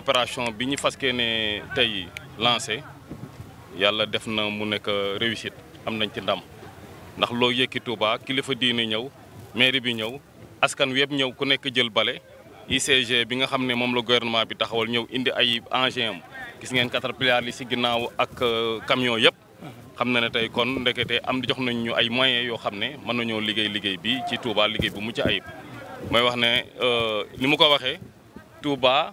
opération bi ñu faskee ne tey lancé yalla def na mu nek réussite am nañ ci ndam ndax lo yëkki Touba kilifa diine ñew mairie bi ñew askan web ñew ku nek jël balé ICG bi nga xamné mom la gouvernement bi taxawal ñew indi ay engins gis ngeen caterpillar li si ginnaaw ak euh, camion yëpp xam na ne kon ndekete am di jox nañ ñu ay moyens yo xamné ne mën liggéey liggéey bi ci Touba liggéey bu ci ayib mooy wax euh ni mu ko waxé Touba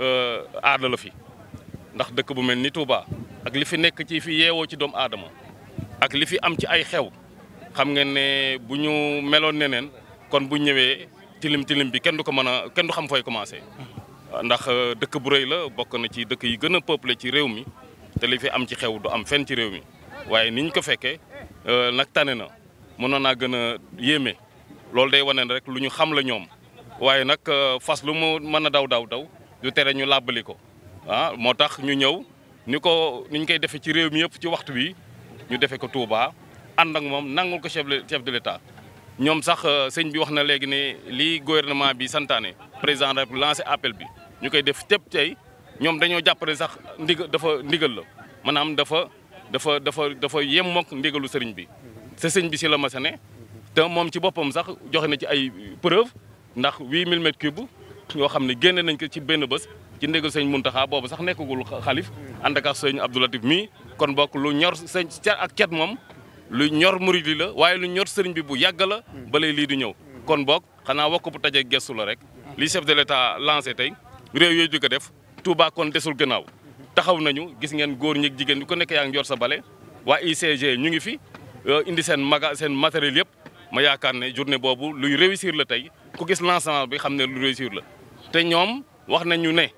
Euh, aada la fi ndax dëkk bu mel ni tuuba ak li fi nekk ci fi yeewoo ci doomu aadama ak li fi am ci ay xew xam nga ne bu ñu meloon neneen kon bu ñëwee tilim tilim bi kenn du ko mën a kenn du xam fooy commencé ndax euh, dëkk bu rëy la bokk na ci dëkk yi gën a peuplé ci réew mi te li fi am ci xew du am fenn ci réew mi waaye niñ ko fekkee euh, nag tane na mënoon naa gën a yéeme loolu day wane rek lu ñu xam la ñoom waaye nag fas lu mu mën a daw daw daw du tere ñu fait ah nous ñu ci mi chef de l'État ñom sax fait euh, bi gouvernement bi président de lancé appel bi ñu fait def tép tay ñom dañoo jappalé sax dafa ndigal la manam dafa dafa dafa dafa une ndigalu bi C'est sëñ bi la ci sax na ci ay preuve ndax yoo xamne ne nañ ko ci benn bëss ci ndégg sëñ Muntaxa bobu sax nekkagul khalif and ak sëñ Abdou Latif Mi. kon bokk lu ñor sëñ ak ciat mom lu ñor mouride la waye lu ñor sëriñ bi bu yàgg la balay li di ñew kon bok xana wakk bu tajé gessu la rek li chef de l'état lancé tay réew yoy di def Touba kon desul gënaaw taxaw nañu gis ngeen goor ñek jigen ku nekk ngi sa bale wa ICG ñu ngi fi euh, indi sen maga sen matériel yépp ma yaakaar ne journée boobu luy réussir la tey ku gis lancement bi xam ne lu réussir la te ñoom wax nañu ne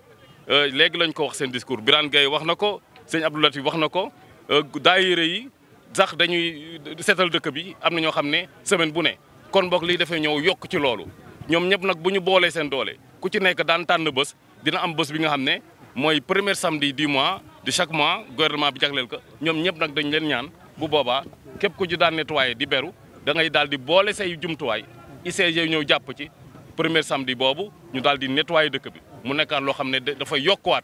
euh, léegi lañ ko wax seen discours Birane Gueye wax na ko sëñ Abdou wax na ko euh, daayira yi sax dañuy seetal dëkk bi am na ñoo xam ne semaine bu ne kon boog lii dafay ñëw yokk ci loolu ñoom ñëpp nag bu ñu boolee seen doole ku ci nekk daan tànn bés dina am bés bi nga xam ne mooy premier samedi di mois de chaque mois gouvernement bi jagleel ko ñoom ñëpp nag dañ leen ñaan bu boobaa képp ku ci daan nettoyé di beru dangay daal di boole say jumtuwaay ICG ñëw jàpp ci premier samedi nous ñu nettoyer dëkk bi mu lo dafa yokkul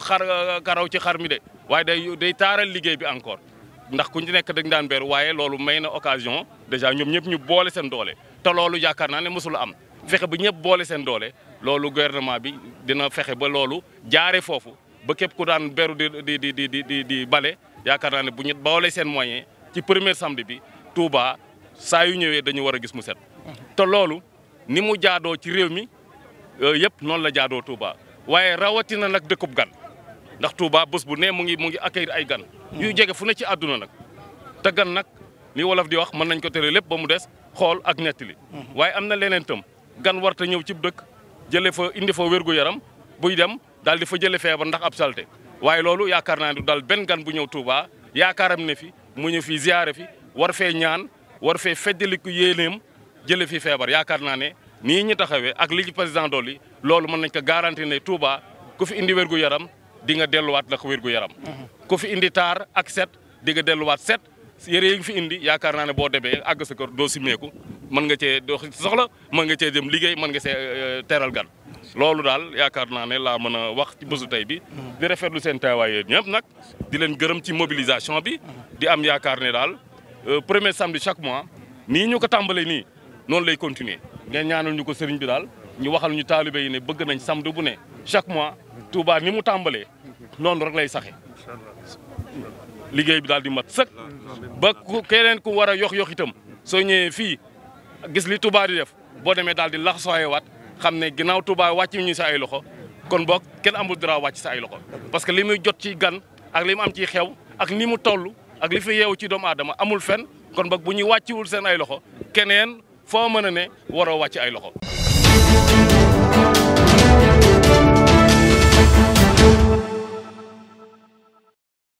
xar euh, karaw ci xar mi de waye day day taral liguey bi encore ndax ku nekk dañ daan occasion déjà ñu ne am fexé bu bolé sen doolé lolu gouvernement bi dina fexé ba lolu jaaré fofu ba képp ku di di di di di premier samedi bi Touba yu ni mu jaadoo ci réew mi yëpp noonu la jaadoo Touba waaye rawatina nag dëkkub gan ndax Touba bës bu nee mu ngi mu ngi accueillir ay gan. Mm. yu jege fu ne ci àdduna nag te gan nag li wolof di wax mën nañ ko tere lépp ba mu des xool ak nettali. Mm-hmm. waaye am na leneen itam gan warta ñëw cib dëkk jële fa indi fa wérgu yaram buy dem daal di fa jëlee feebar ndax ab salte waaye loolu yaakaar naa du daal benn gan bu ñëw Touba yaakaaram ne fi mu ñëw fii ziyaare fi war fee ñaan war fee feddaliku yéeneem jële fi feebar yaakaar naa ne nii ñu taxawee ak li ci président dolli loolu mën nañ ko garanti ne Touba ku fi indi wérgu yaram di nga delluwaat la ko wérgu yaram mhm. ku fi indi taar ak set di nga delluwaat set yére yi fi indi yaakaar naa ne boo demee àgg sa kër doo simeeku mën nga cee doo soxla mën nga cee dem liggéey mën nga see euh, teral gan loolu daal yaakaar naa ne laa mën a wax ci bésu tey bi mhm. di rafetlu seen teewaay yéen ñëpp nag di leen gërëm ci mobilisation bi mhm. di am yaakaar ne daal euh, premier samedi chaque mois nii ñu ko tàmbalee nii noonu lay continuer ngeen ñaanal ñu ko sëriñ bi daal ñu waxal ñu taalibe yi ne bëgg nañ samedi bu ne chaque mois tubaa ni mu tàmbalee noonu rek lay saxe liggéey bi daal di mat sëkk ba ku keneen ku war a yox yox itam soo ñëwee fii gis li Touba di def boo demee daal di lax waat xam ne ginnaaw tubaa wàcc ñu si ay loxo kon boog kenn amul dara wàcc si ay loxo parce que li muy jot ci gan ak li mu am ci xew ak ni mu tollu ak li fi yeewu ci doomu aadama amul fen kon boog bu ñuy wàcciwul seen ay loxo keneen foo mën a ne waroo wàcc ay loxo